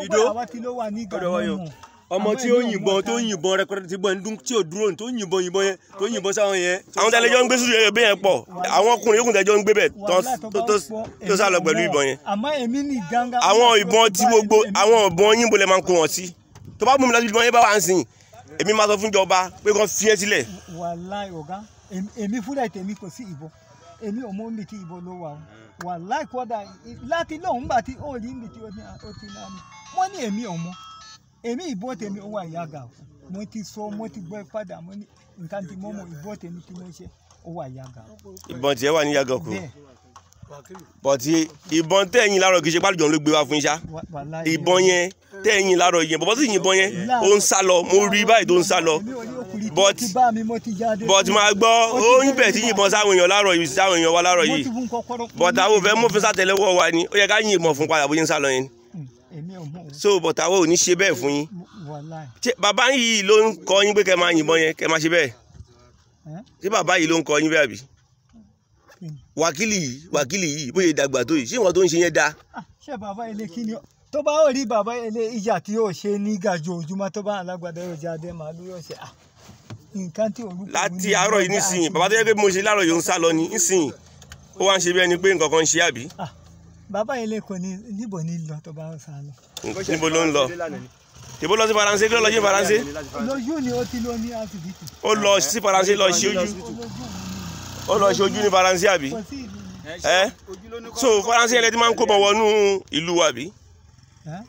ìdó ọ̀dọ̀ wọ̀nyí ọmọ tí ó yìnbọn tó yìnbọn rẹpẹtẹ ti gbọn dún tí ò dúró tó yìnbọn yìnbọn yẹn tó yìnbọn sáwọn yẹn. àwọn tí alẹ́jọ́ ń gbé sùúrù yẹn bẹ́ẹ̀ pọ̀ àwọn ọkùnrin yòókù tẹ́jọ́ ń gbé bẹ̀ tó sá lọ pẹ̀lú ìbọn yẹn. àwọn ìbọn tí gbogbo àwọn ìbọn yín bolẹ̀ máa ń kó wọn sí tó bá gbómi lọ sí ìbọn yẹn bá wà ń sìn èmi máa sọ fún ìjọba pé kàn fi ẹ́ sílẹ̀. wàláì ọ̀gá èmi fúnra ètè mi kò sí ìbọn èmi ò mọ níbi tí ibo ló wà o wà láìkọ́dà láti lóun gbà tí ó rí níbi tí ó ti náà ni wọ́n ní èmi ò mọ èmi ìbò tèmi ó wà yàgà mo ti sọ mo ti gbọ́ padà mo ní nǹkan tí mo mọ ìbò tèmi tí mo ṣe ó wà yàgà. ìbọn tiẹ̀ wà ní yàgà kù bọ̀tí ìbọn tẹ̀yìn láàárọ̀ kì í ṣe pálíjọ́ ló gbé wá fún iṣá ìbọn yẹn tẹ̀yìn láàárọ̀ yẹn bọ̀bọ̀ sì yìnbọn yẹn ó ń sá lọ mo rí báyìí tó ń sá lọ but but máa gbọ́ ó ń bẹ̀ tí yìnbọn sáwọn èèyàn láàárọ̀ yìí sáwọn èèyàn wa láàárọ̀ yìí but àwọn òfẹ́ mọ́fin sátẹlẹ́wọ́ wa ni ó yẹ ká yìnbọn fún padà bóyá ń sálọ yẹn so but àwọn ò ní ṣe bẹ́ẹ̀ fún yín bàbá yìí ló ń kọ́ yín pé kẹ́ máa yìnbọn yẹn kẹ́ máa ṣe bẹ́ẹ̀ ṣé bàbá yìí ló ń kọ́ yín bẹ́ẹ̀ àbí wákìlì yìí wákìlì yìí bóyá ìdàgbà tó yìí ṣé ìwọ̀n tó ń ṣe yẹn dáa. Ah, ṣé bàbá ilé kí ni tó bá rí bàbá ilé ìjà tí yóò ṣe ní gàjọ ojúmọ́ tó bá alágbádá yóò jáde màálù yóò ṣe ah, nǹkan tí orúkọ mi. láti àárọ̀ yìí nísìnyí bàbá tó yẹ pé mo ṣe láàárọ̀ yìí ń sá lọ ní nísìnyí ó wá ń ṣe bí ẹni pé nǹkan kan ń ṣe àbí. Ah, bàbá ilé kò ní níbo ní lọ tó bá sá lọ. níbo ló ń lọ ìbò lọ sí faransé kí ló lọ sí faransé. lójú ni ó ti lọ ní asibiti. ó lọ sí faransé lọ sí ojú ó lọ sí ojú ní faransé àbí. so faransé yẹn lẹ ti máa ń kó bọ̀ wọnú ìlú wa àbí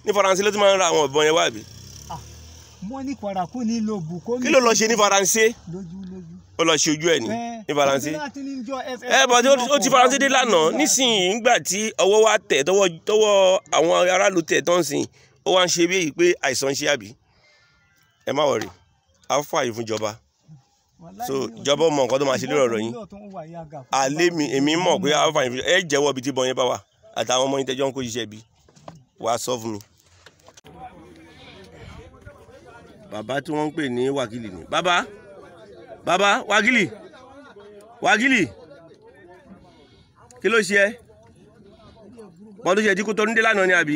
ní faransé ló ti máa ń ra àwọn ọ̀bọ̀n yẹn wá àbí mo ní paraku ní lo bukomi. kí ló lọ ṣe ní faransé. lójú lójú. ó lọ ṣe ojú ẹ ní eh, ní faransé. ẹ eh, bọ̀ ó ti faransé dé lánàá nísìnyí ńgbà tí ọwọ́ wa tẹ̀ tọwọ́ àwọn aráàlú tẹ̀ tán sìn ó wá ń ṣe bí èyí pé àìsàn ń ṣe àbí ẹ má wọrí á fún àyè fún ìjọba so ìjọba mọ nǹkan tó máa ṣe lórí ọ̀rọ̀ yín àlé mi èmi mọ̀ pé á fún ẹ jẹ́wọ́ ibi tí bọ́ yẹn bá wà àtàwọn ọmọ yín tẹ́jọ́ ń kó iṣẹ́ bí wàá sọ fún mi. bàbá tí wọ́n ń pè ní wákìlì ni bàbá bàbá wákìlì wákìlì kí ló ṣe ẹ́ bọ́dún ṣe ẹ̀dínkù tó ń dé lánàá ni àbí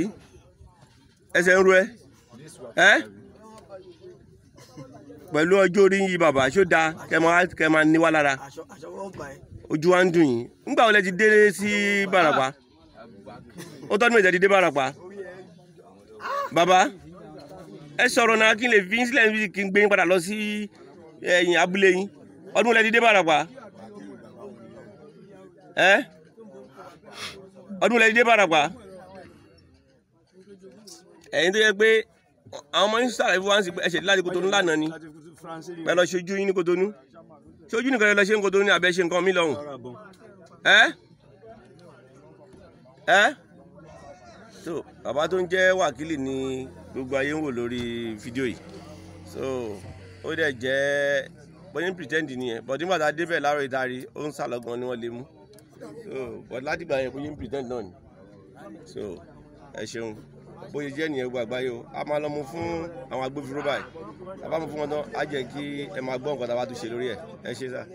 ẹsẹ̀ ń ro ẹ ẹ́ pẹ̀lú ọjọ́ orí yìí bàbá ṣó da kẹ́ máa níwá lára ojú wa ń dùn yín ńgbà wo lẹ ti dé sí Ìbàràpá ó tọ́jú mẹ́jẹ̀ ti dé Ìbàràpá bàbá. e sọ̀rọ̀ náà kí n lè fi sílẹ̀ níbi kí n gbé yín padà lọ sí ẹ̀yìn abúlé yín ọdún lẹ́ẹ̀dí dé bàràpá ẹ ọdún lẹ́ẹ̀dí dé bàràpá ẹ̀yin tó yẹ pé àwọn ọmọ yín sàlàyé ẹ̀ṣẹ̀ Kotonu ni ẹ lọ ṣojú yín ní Kotonu ṣojú nìkan Kotonu ní abẹ́ ṣe nǹkan mi lọ́hùn ẹ so bàbá tó ń jẹ́ wákìlì ni gbogbo ayé ń wò lórí fídíò yìí so ó dẹ̀ jẹ́ bọ́yìn pretend nìyẹn but nígbà tá a débẹ̀ láàárọ̀ ìdarí ó ń sàlọ́gan ni wọ́n lè mú so but láti gbà yẹn bọ́yìn pretend náà ni so ẹ ṣeun bóyá jẹ́ nìyẹn gbogbo àgbáyé o a máa lọ mu fún àwọn agbófinró báyìí a bá mu fún wọn tán á jẹ́ kí ẹ máa gbọ́ nǹkan tá a bá tún ṣe lórí ẹ̀ ẹ ṣe sá.